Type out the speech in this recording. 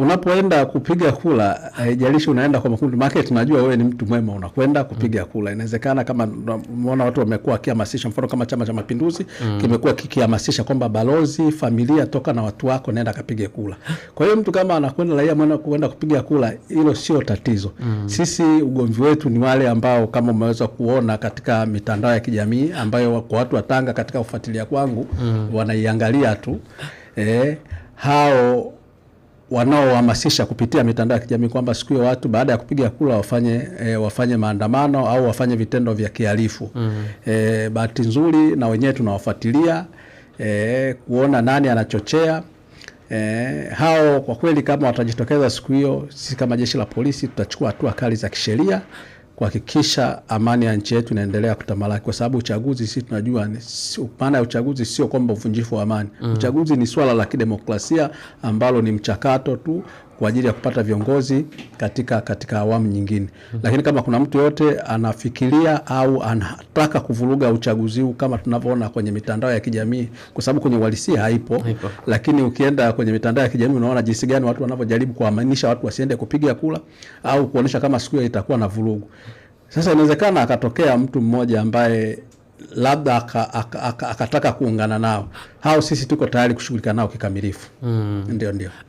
unapoenda kupiga kula, haijalishi unaenda kwa makundi, maana tunajua wewe ni mtu mwema, unakwenda kupiga kula. Inawezekana kama umeona watu wamekuwa wakihamasisha, mfano kama Chama cha Mapinduzi mm. kimekuwa kikihamasisha kwamba balozi, familia, toka na watu wako, naenda kapiga kula. Kwa hiyo mtu kama anakwenda raia mwana kuenda kupiga kula, hilo sio tatizo mm. Sisi ugomvi wetu ni wale ambao kama umeweza kuona katika mitandao ya kijamii ambayo kwa watu wa Tanga katika ufuatilia kwangu mm. wanaiangalia tu eh, hao wanaohamasisha kupitia mitandao ya kijamii kwamba siku hiyo watu baada ya kupiga kura wafanye e, wafanye maandamano au wafanye vitendo vya kihalifu mm -hmm. E, bahati nzuri na wenyewe tunawafuatilia e, kuona nani anachochea e, hao. Kwa kweli kama watajitokeza siku hiyo, sisi kama jeshi la polisi tutachukua hatua kali za kisheria kuhakikisha amani ya nchi yetu inaendelea kutamalaki, kwa sababu uchaguzi, sisi tunajua maana ya uchaguzi sio kwamba uvunjifu wa amani mm. Uchaguzi ni swala la kidemokrasia ambalo ni mchakato tu kwa ajili ya kupata viongozi katika, katika awamu nyingine mm -hmm. Lakini kama kuna mtu yoyote anafikiria au anataka kuvuruga uchaguzi huu kama tunavyoona kwenye mitandao ya kijamii, kwa sababu kwenye uhalisia haipo, haipo. Lakini ukienda kwenye mitandao ya kijamii unaona jinsi gani watu wanavyojaribu kuwamanisha watu wasiende kupiga kura au kuonesha kama siku hiyo itakuwa na vurugu. Sasa inawezekana akatokea mtu mmoja ambaye labda akataka aka, aka, aka kuungana nao. Hao sisi tuko tayari kushughulika nao kikamilifu. mm. Ndio, ndio.